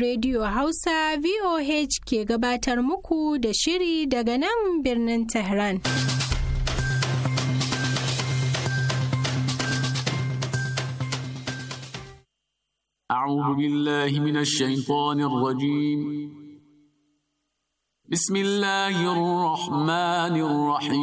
Radiyo Hausa voh ke gabatar muku da shiri daga nan birnin tehran A'a wajen yi tafiya da shi a cikin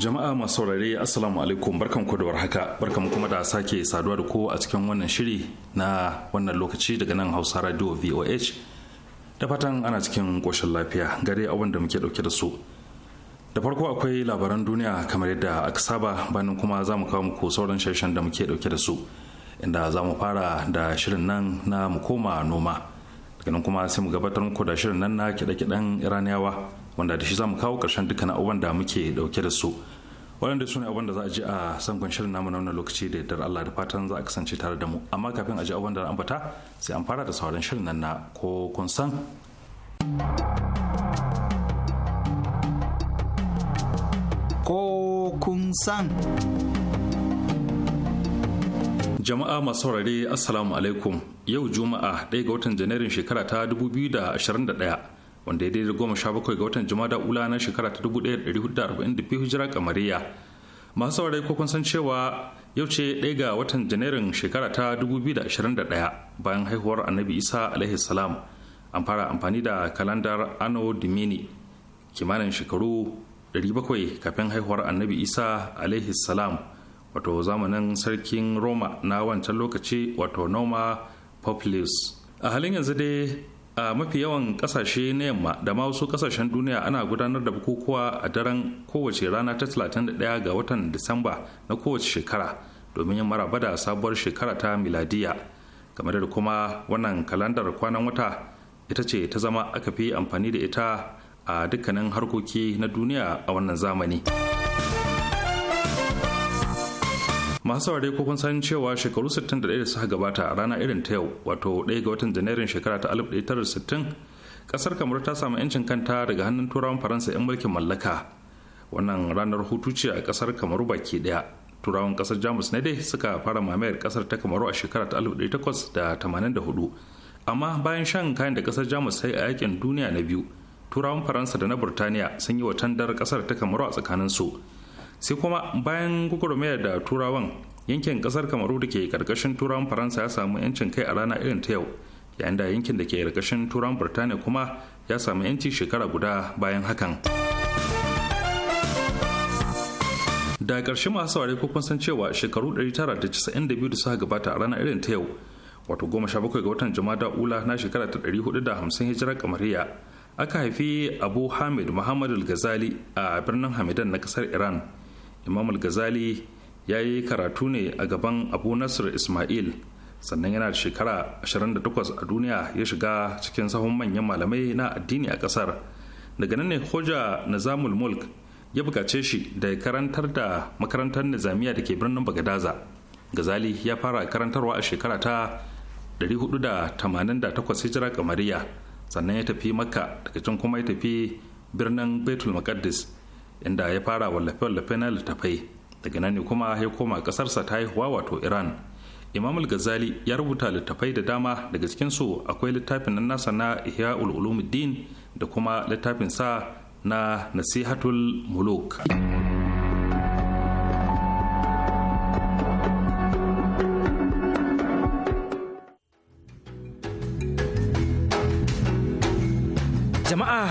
Jama'a masu saurare Assalamu alaikum barkan ku da warhaka barkan kuma da sake saduwa da ko a cikin wannan shiri na wannan lokaci daga nan Hausa Radio VOH da fatan ana cikin koshin lafiya gare abin da muke dauke da su. Da farko akwai labaran duniya kamar yadda aka saba bayan kuma za mu kawo muku sauran shirshen da muke dauke da su inda za mu fara da shirin nan na mu koma noma daga nan kuma sai mu gabatar muku da shirin nan na kiɗe-kiɗen Iraniyawa wanda da shi za mu kawo ƙarshen dukkan abubuwan da muke dauke da su waɗanda su ne abin da za a ji a sangon shirin namu na wannan lokaci da yadda Allah da fatan za a kasance tare da mu amma kafin a ji abin da ambata sai an fara da sauran shirin nan na ko kun san ko kun san jama'a masu saurare assalamu alaikum yau juma'a ɗaya ga watan janairun shekara ta 2021 wanda ya daidai goma sha bakwai ga watan da ula na shekara ta dubu ɗaya da hudu arba'in da biyu hijira kamariya masu saurari ko kun san cewa yau ce ɗaya ga watan janairun shekara ta dubu biyu da ashirin da ɗaya bayan haihuwar annabi isa alaihi salam an fara amfani da kalandar anno domini kimanin shekaru bakwai kafin haihuwar annabi isa alaihi salam wato zamanin sarkin roma na wancan lokaci wato noma populus a halin yanzu dai a mafi yawan kasashe na yamma da ma wasu kasashen duniya ana gudanar da bukukuwa a daren kowace rana ta 31 ga watan disamba na kowace shekara domin yin maraba da sabuwar shekara ta miladiya game da kuma wannan kalandar kwanan wata ita ce ta zama aka fi amfani da ita a dukkanin harkoki na duniya a wannan zamani. masu saurare ko kun san cewa shekaru 61 da suka gabata a rana irin ta yau wato 1 ga watan janairun shekara ta 1960 kasar kamar ta samu 'yancin kanta daga hannun turawan faransa 'yan mulkin mallaka wannan ranar hutu ce a kasar kamaru baki daya turawan kasar jamus ne dai suka fara mamayar kasar ta kamaru a shekara ta 1884 amma bayan shan kayan da kasar jamus sai a yakin duniya na biyu turawan faransa da na burtaniya sun yi wa tandar kasar ta kamaru a tsakaninsu su sai kuma bayan gwagwarmayar da turawan yankin kasar kamaru da ke karkashin turawan faransa ya samu yancin kai a rana irin ta yau yayin da yankin da ke karkashin turawan birtaniya kuma ya samu yanci shekara guda bayan hakan da ƙarshe masu saurari ko kun san cewa shekaru 992 da suka gabata a rana irin ta yau wato 17 ga watan jama'a ula na shekara ta 450 hijirar kamariya aka haifi abu hamid muhammad al-ghazali a birnin hamidan na kasar iran imam al-ghazali ya yi karatu ne a gaban abu nasir ismail sannan yana da shekara 28 a duniya ya shiga cikin sahun manyan malamai na addini a kasar daga nan ne hoja nizamul mulk ya bukace shi da ya karantar da makarantar nizamiya da ke birnin bagadaza gazali ya fara karantarwa a shekara ta 488 hijira kamariya sannan ya tafi makka daga can kuma ya tafi birnin betul maqaddis inda ya fara wallafe-wallafe na littafai daga nan ne kuma ya koma ƙasarsa ta haihuwa wato iran imam gazali ya rubuta littafai da dama daga cikinsu akwai littafin nan nasa na ihya ululumuddin da kuma littafin sa na nasihatul muluk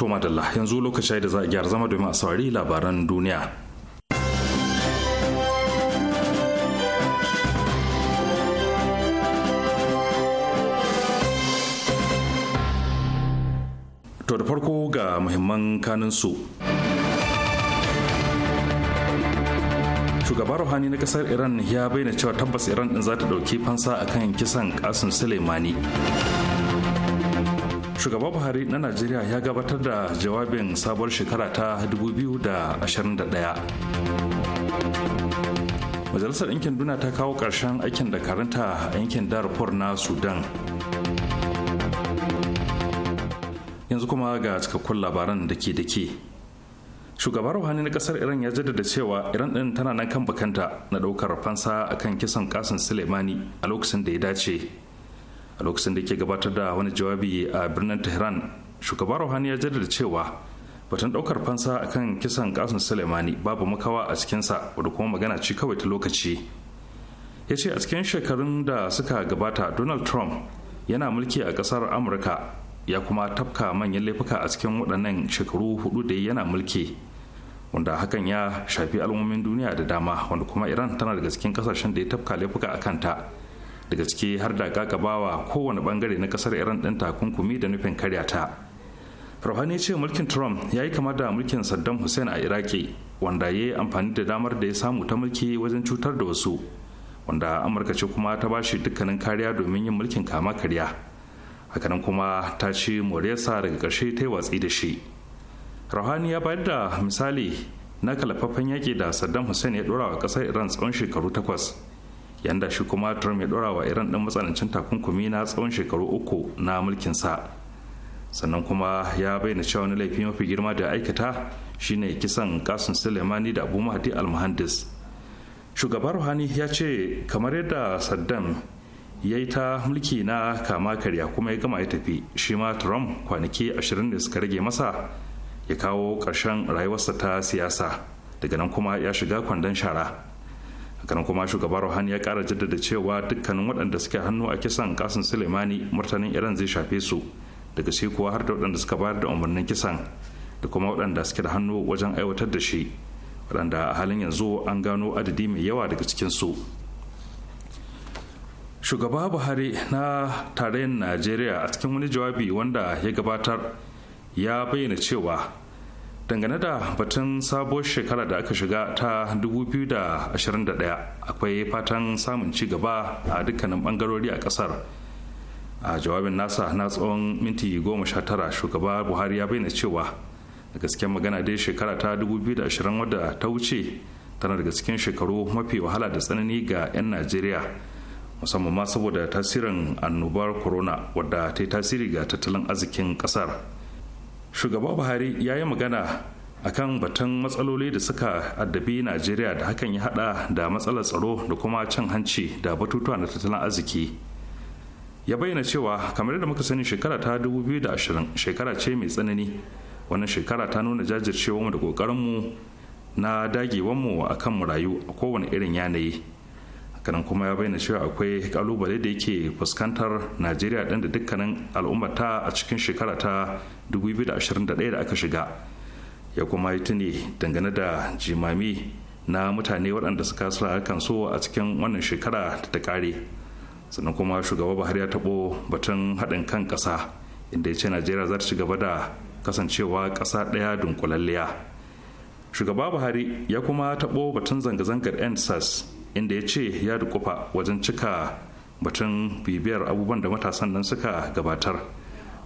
To madalla yanzu lokaci da za a gyara zama domin a saurari labaran duniya. To da farko ga muhimman kanin su. ruhani na kasar iran ya bayyana cewa tabbas iran din za ta dauki fansa akan kisan kasim suleimani shugaba buhari na najeriya ya gabatar da jawabin sabuwar shekara ta 2021 majalisar ɗinkin duna ta kawo ƙarshen aikin da karanta a yankin darfur na sudan yanzu kuma ga cikakkun labaran da ke da ke shugaban ruhani na ƙasar iran ya jaddada cewa iran ɗin tana nan kan bakanta na ɗaukar fansa akan kisan kasan suleimani a lokacin da ya dace a lokacin da ke gabatar da wani jawabi a birnin tehran shugaba ruhani ya jaddada cewa batun daukar fansa a kan kisan kasun suleimani babu makawa a cikinsa wadda kuma magana ci kawai ta lokaci ya ce a cikin shekarun da suka gabata donald trump yana mulki a kasar amurka ya kuma tafka manyan laifuka a cikin waɗannan shekaru hudu da yana mulki wanda hakan ya shafi al'ummomin duniya da dama wanda kuma iran tana daga cikin kasashen da ya tafka laifuka a kanta daga ciki har da gagabawa kowane bangare na kasar iran ɗin takunkumi da nufin karya ta rohani ce mulkin trump ya yi kama da mulkin saddam hussein a iraki wanda ya yi amfani da damar da ya samu ta mulki wajen cutar da wasu wanda amurka ce kuma ta bashi dukkanin kariya domin yin mulkin kama karya hakanan kuma ta ci moriyarsa daga ƙarshe ta yi watsi da shi rohani ya bayar da misali na kalafaffen yaƙi da saddam hussein ya ɗora wa ƙasar iran tsawon shekaru takwas yanda shi kuma trump ya dora wa iran ɗin matsanancin takunkumi na tsawon shekaru uku na mulkin sa sannan kuma ya bayyana cewa wani laifi mafi girma da aikata shine kisan kasun sulemani da abu mahdi almuhandis shugaban ruhani ya ce kamar yadda saddam ya yi ta mulki na kama karya kuma ya gama ya tafi shi ma trump kwanaki 20 da suka rage masa ya kawo ƙarshen rayuwarsa ta siyasa daga nan kuma ya shiga kwandon shara kanan kuma shugabar ruhani ya kara jaddada cewa dukkanin waɗanda suke hannu a kisan kasan suleimani martanin iran zai shafe su daga sai kuwa har da waɗanda suka bayar da umarnin kisan da kuma waɗanda suke da hannu wajen aiwatar da shi waɗanda a halin yanzu an gano adadi mai yawa daga cikin su shugaba buhari na tarayyar najeriya a cikin wani jawabi wanda ya gabatar ya bayyana cewa dangane da batun sabuwar shekara da aka shiga ta 2021 akwai fatan samun ci gaba a dukkanin bangarori a kasar a jawabin nasa na tsawon minti goma sha tara shugaba buhari ya bayyana cewa da gasken magana dai shekara ta 2020 wadda ta wuce tana daga cikin shekaru mafi wahala da tsanani ga 'yan najeriya musamman ma saboda tasirin annobar corona wadda ta yi tasiri ga tattalin arzikin kasar shugaba buhari ya yi magana akan batun matsaloli da suka addabi najeriya da hakan ya hada da matsalar tsaro da kuma cin hanci da batutuwa na tattalin arziki ya bayyana cewa kamar yadda muka sani shekara ta 2020 shekara ce mai tsanani wannan shekara ta nuna jajircewa mu da kokarin mu na dagewanmu a kan mu a kowane irin yanayi kanan kuma ya bayyana cewa akwai kalubale da yake fuskantar najeriya ɗin da dukkanin al'ummata a cikin shekara ta 2021 da aka shiga ya kuma yi tuni dangane da jimami na mutane waɗanda suka sa kan so a cikin wannan shekara da ta kare sannan kuma shugaba bahari ya taɓo batun haɗin kan ƙasa inda ya ce najeriya za ta ci gaba da kasancewa ƙasa ɗaya dunkulalliya shugaba buhari ya kuma taɓo batun zanga-zangar endsars inda ya ce ya dukufa wajen cika batun bibiyar abubuwan da matasan nan suka gabatar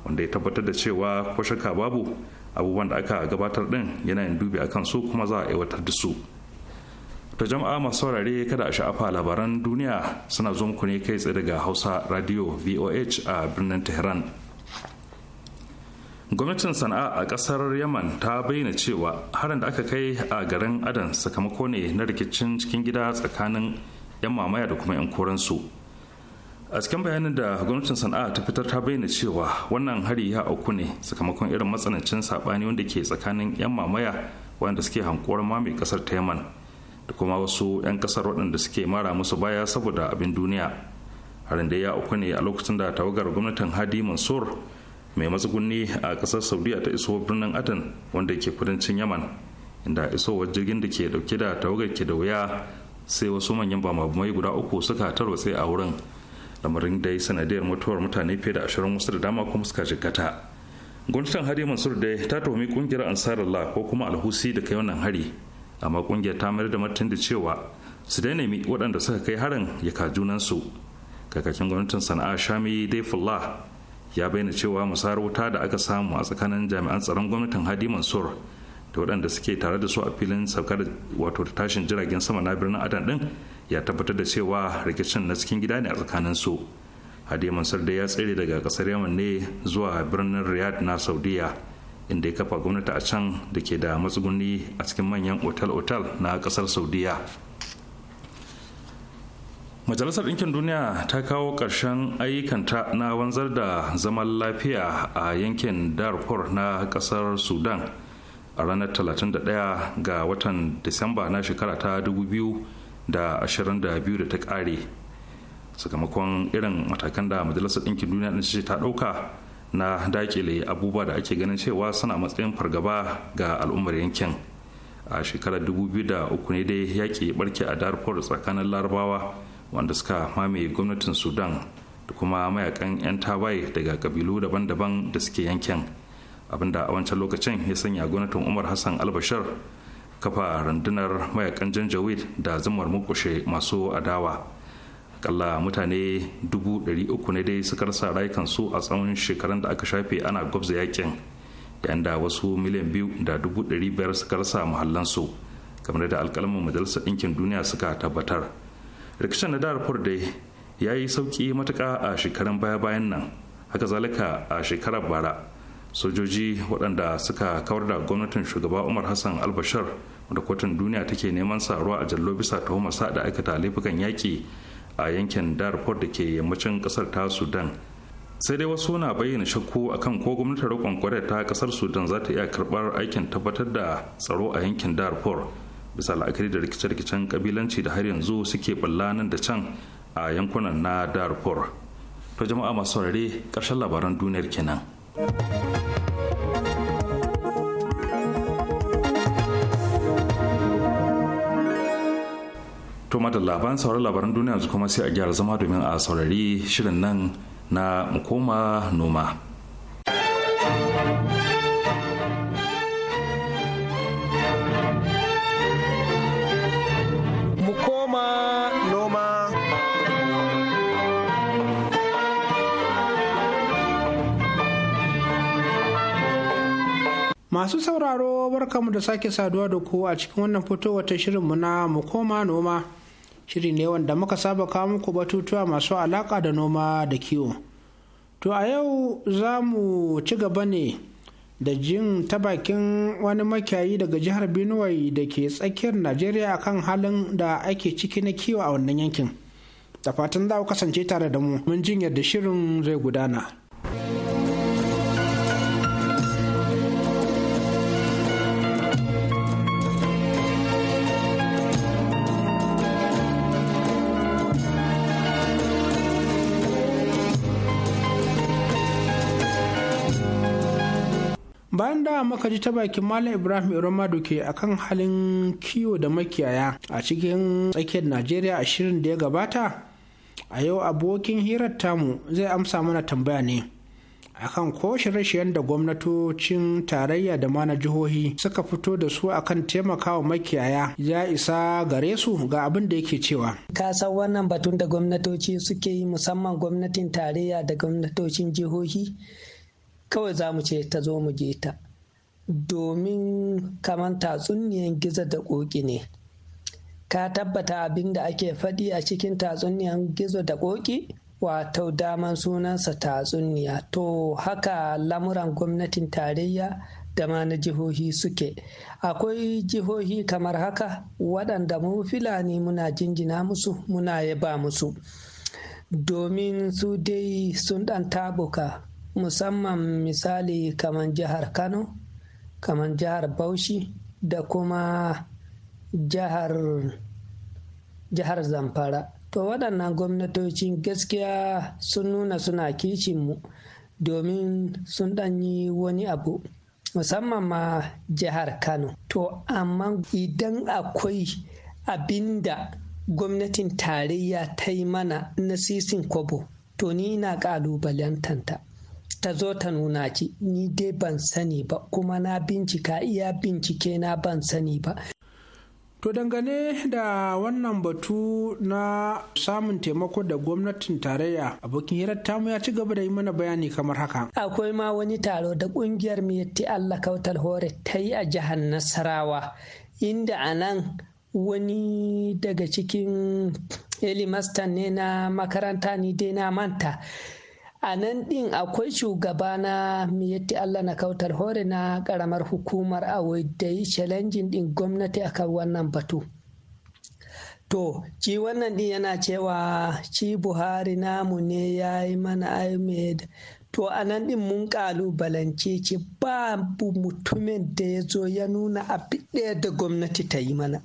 wanda ya tabbatar da cewa ko shakka babu abubuwan da aka gabatar din yana yin dubi akan su kuma za a aiwatar da su ta jama'a masu saurare kada a sha'afa labaran duniya suna zo muku ne kai tsaye daga hausa radio voh a birnin tehran gwamnatin sana'a a kasar yaman ta bayyana cewa harin da aka kai a garin adan sakamako ne na rikicin cikin gida tsakanin 'yan mamaya da kuma 'yan koransu a cikin bayanin da gwamnatin sana'a ta fitar ta bayyana cewa wannan hari ya auku ne sakamakon irin matsanancin saɓani wanda ke tsakanin 'yan mamaya wanda suke hankuwar mai kasar ta yaman da kuma wasu 'yan kasar waɗanda suke mara musu baya saboda abin duniya harin da ya auku ne a lokacin da tawagar gwamnatin hadi mansur mai matsugunni a kasar saudiya ta iso birnin adan wanda ke kudancin yaman inda isowar jirgin da ke dauke da tawagar ke da wuya sai wasu manyan bamabumai guda uku suka tarwatse a wurin lamarin dai sanadiyar mutuwar mutane fiye da ashirin wasu da dama kuma suka jikata gwamnatin hari mansur dai ta tuhumi kungiyar ansarallah ko kuma alhusi da kai wannan hari amma kungiyar ta mayar da martin da cewa su dai nemi waɗanda suka kai harin ya ka junansu kakakin gwamnatin sana'a shami dai fullah ya bayyana cewa musayar wuta da aka samu a tsakanin jami'an tsaron gwamnatin hadi mansur da waɗanda suke tare da su a filin saukar wato da tashin jiragen sama na birnin adan din ya tabbatar da cewa rikicin na cikin gida ne a tsakanin su hadi mansur da ya tsere daga ƙasar yaman ne zuwa birnin riyadh na saudiya inda ya kafa gwamnati a can da ke da matsuguni a cikin manyan otal-otal na kasar saudiya majalisar ɗinkin duniya ta kawo ƙarshen ayyukanta na wanzar da zaman lafiya a yankin darfur na ƙasar sudan a ranar 31 ga watan disamba na shekara ta 2022 da ta ƙare sakamakon irin matakan da majalisar ɗinkin duniya ɗin ce ta ɗauka na dakile abubuwa da ake ganin cewa suna matsayin fargaba ga al'ummar yankin a shekarar 2003 ne dai yaƙi barke a darfur tsakanin larabawa wanda suka mamaye gwamnatin sudan da kuma mayakan 'yan tawaye daga kabilu daban-daban da suke yankin abinda a wancan lokacin ya sanya gwamnatin umar hassan albashir kafa rundunar mayakan janjawid da zumar mukushe masu adawa kalla mutane dubu dari uku ne dai suka rasa rayukansu a tsawon shekarun da aka shafe ana gwabza yakin yayin da wasu miliyan biyu da dubu dari biyar suka rasa muhallansu kamar da alkalamin majalisar ɗinkin duniya suka tabbatar rikicin na darfur dai ya yi sauki matuka a shekarun baya-bayan nan haka zalika a shekarar bara sojoji waɗanda suka kawar da gwamnatin shugaba umar hassan albashar da kotun duniya take neman saruwa a jallo bisa tuhumarsa da aikata laifukan yaƙi a yankin darfur da ke yammacin ƙasar ta sudan sai dai wasu na bayyana shakku akan ko gwamnatin roƙon kwarai ta ƙasar sudan za ta iya karɓar aikin tabbatar da tsaro a yankin darfur bisa la'akari da rikice-rikicen kabilanci da har yanzu suke balla nan da can a yankunan na darfur to jama'a masu saurare ƙarshen labaran duniyar kenan to da labaran sauran labaran duniya yanzu kuma sai a gyara zama domin a saurari shirin nan na mukoma noma Masu sauraro barkamu da sake saduwa da ku a cikin wannan fitowa ta shirinmu na mu koma noma. Shiri ne wanda muka saba kawo muku batutuwa masu alaka da noma da kiwo. To a yau za mu ci gaba ne da jin ta bakin wani makiyayi daga jihar binuwai da ke tsakiyar Najeriya akan halin da ake ciki na kiwo a wannan yankin. Da fatan za ku kasance tare da mu mun jin yadda shirin zai gudana. bayan da muka ji ta bakin malam ibrahim iramadu ke akan halin kiwo da makiyaya a cikin tsakiyar najeriya a shirin da ya gabata a yau abokin hirar tamu zai amsa mana tambaya ne akan ko shirye-shiryen da gwamnatocin tarayya da mana jihohi suka fito da su akan taimakawa makiyaya ya isa gare su ga abin da yake cewa. Ka san wannan batun da gwamnatoci suke yi musamman gwamnatin tarayya da gwamnatocin jihohi kawai za mu ce ta zo mu je ta domin kamar tatsuniyan gizo da ƙoƙi ne ka tabbata abin da ake faɗi a cikin tatsuniyan gizo da ƙoƙi wato daman sunansa tatsuniya to haka lamuran gwamnatin tarayya da ma na jihohi suke akwai jihohi kamar haka waɗanda mu filani muna jinjina musu muna yaba musu domin su dai sun ɗan tabuka musamman misali kamar jihar kano kamar jihar bauchi da kuma jihar jihar zamfara to waɗannan gwamnatocin gaskiya sun nuna suna kishinmu domin sun ɗanyi wani abu musamman ma jihar kano to amma idan akwai abinda gwamnatin tarayya ta yi mana na sisin kwabo to ni na ƙalubalantanta ta zo ta nuna ki ni dai ban sani ba kuma na bincika iya bincike na ban sani ba To dangane da wannan batu na samun taimako da gwamnatin tarayya abokin hirar tamu ya ci gaba da yi mana bayani kamar haka. Akwai ma wani taro da kungiyar miyatti Allah kautal hore ta yi a jihar Nasarawa inda a nan wani daga cikin elimastan ne na makaranta ni dai na manta a nan din akwai shugaba na miyatti allah na kautar hore na karamar hukumar awai da yi challenging din gwamnati akan wannan batu to ci wannan din yana cewa ci buhari namu ne ya yi mana ahmed to a nan din mun ƙalubalance ci babu mutumin da ya zo ya nuna a ɗaya da gwamnati ta yi mana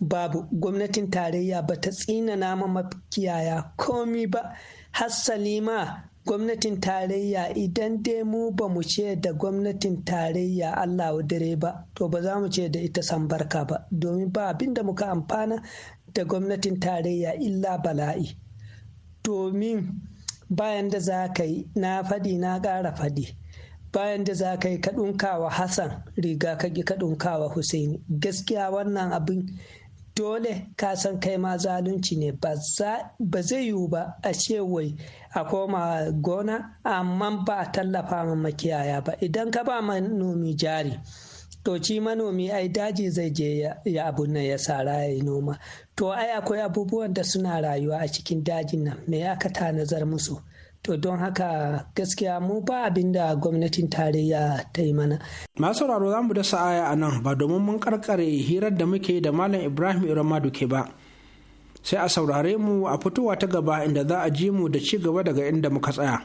babu gwamnatin tarayya ba ta tsinana mafi makiyaya komi ba hassali ma gwamnatin tarayya idan dai mu ba mu ce da gwamnatin tarayya Allah wa dare ba to ba za mu ce da ita sambarka ba domin ba abin da muka amfana da gwamnatin tarayya illa bala'i domin bayan da za ka yi na faɗi na ƙara faɗi bayan da za ka yi ka ɗunkawa hassan riga ka ka ɗunkawa husaini gaskiya wannan abin dole ka san kai ma zalunci ne ba zai yiwu ba a ce wai a koma gona amma ba a tallafa ma makiyaya ba idan ka ba manomi jari to ci manomi ai daji zai je ya abu nan ya sara ya noma to ai akwai abubuwan da suna rayuwa a cikin dajin nan me aka tanazar musu to don haka gaskiya mu ba abin da gwamnatin tarayya ta yi mana masu sauraro za mu da aya a nan ba domin mun karkare hirar da muke da malam ibrahim iramadu ke ba sai a saurare mu a fitowa ta gaba inda za a ji mu da ci gaba daga inda muka tsaya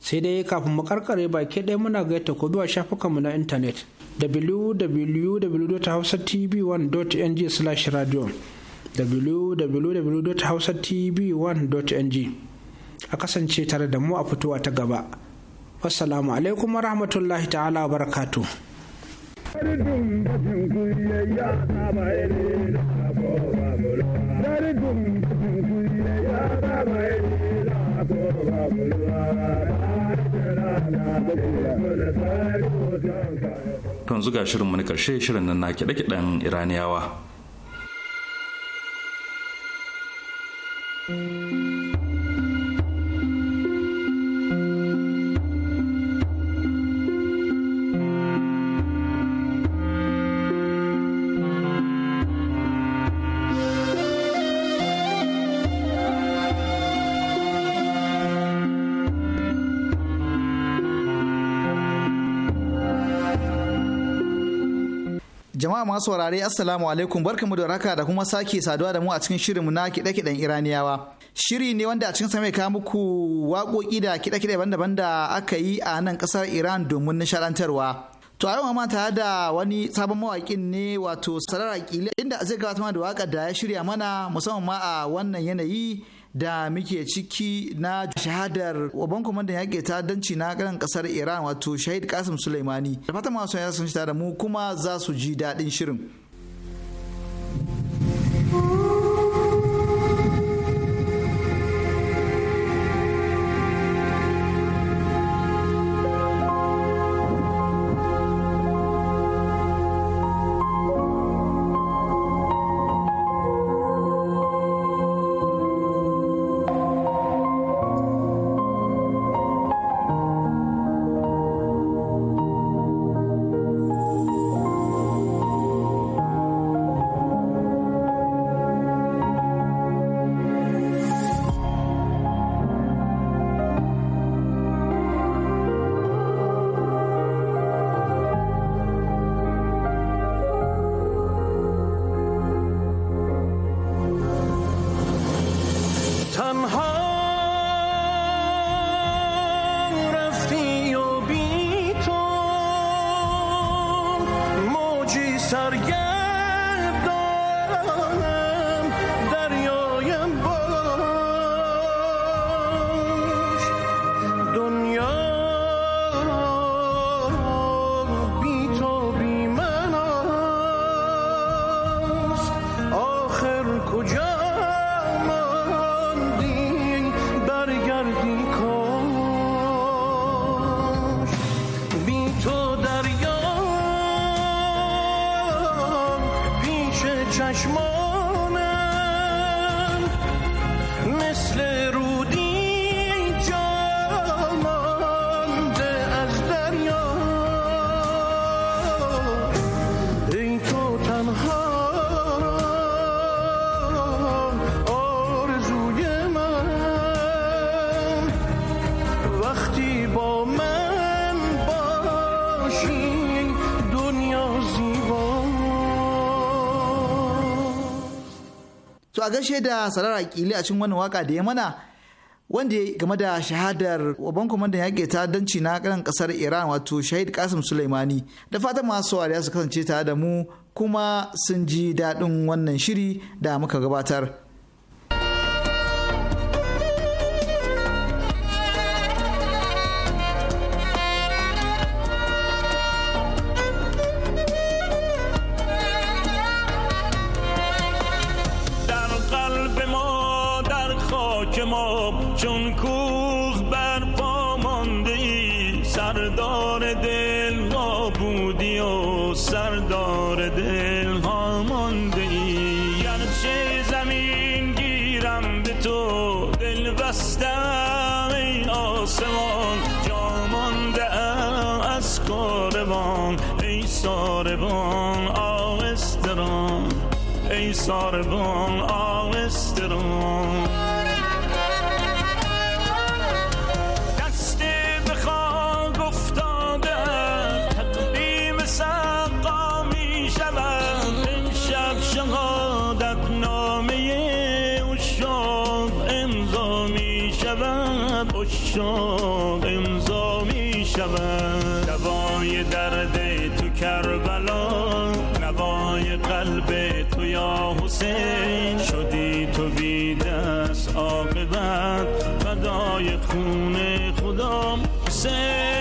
sai dai kafin mu karkare ba baki ɗaya muna ta ko zuwa mu na intanet www.hausatv1.ng/radio www.hausatv1.ng a kasance tare da mu a fitowa ta gaba wassalamu alaikum wa rahmatullahi ta'ala wa barakatu Tun zuga shirin na ƙarshe shirin nan na kiɗe kiɗan Iraniyawa. thank you Jama'a masu saurare Assalamu alaikum barkamu da raka da kuma sake saduwa da mu a cikin shirinmu na kiɗe-kiɗen Iraniyawa. Shiri ne wanda a cikin sa mai kawo muku waƙoƙi da kiɗe-kiɗe daban-daban da aka yi a nan ƙasar Iran domin nishadantarwa. To a yau ma tare da wani sabon mawaƙin ne wato sarara Akili inda zai gabatar da waƙar da ya shirya mana musamman ma a wannan yanayi da muke ciki na shahadar babban kwamandan yaƙi ta'addanci na ganin ƙasar iran wato shahid kasim suleimani da fatan masu ya sun da mu kuma za su ji daɗin shirin چشمان ka gaishe da sarar akili a cikin wani waka da ya mana wanda ya game da shahadar waban kwamandan yaƙi ta danci na ƙaran ƙasar iran wato shahid kasim suleimani da fatan masu wariya su kasance tare da mu kuma sun ji daɗin wannan shiri da muka gabatar امزا امضا می شود دوای درد تو کربلا نوای قلب تو یا حسین شدی تو بی دست آقبت فدای خون خدا حسین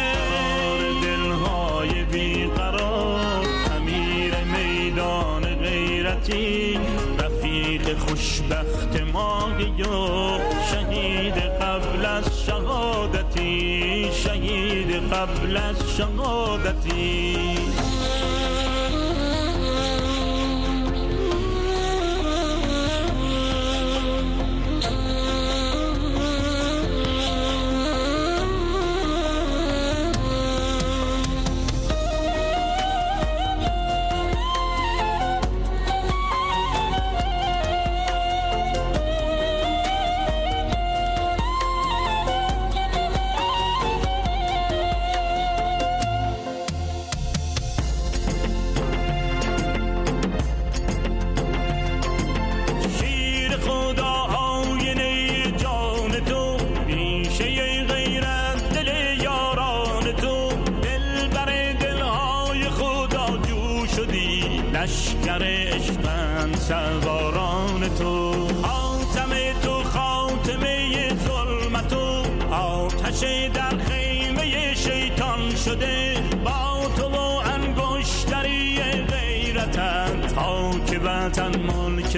La chanson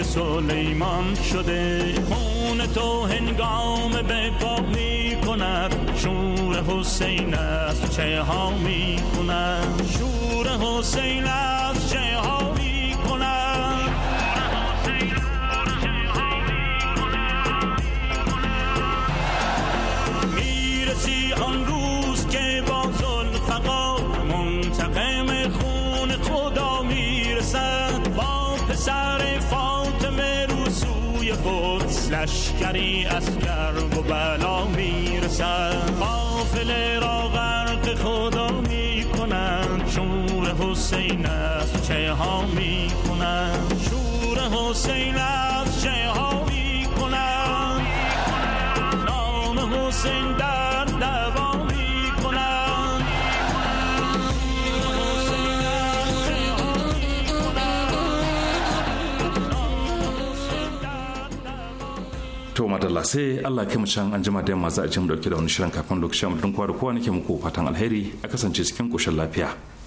سلیمان شده خون تو هنگام به پا می کند شور حسین است چه ها می کند شور حسین لشکری از گرم و بلا میرسد قافل را غرق خدا میکنند شور حسین است چه ها میکنند شور حسین است sai Allah kai mu can an jima da yamma za a ce mu dauke da wani shirin kafin lokacin mutum kwa da kowa nake muku fatan alheri a kasance cikin koshin lafiya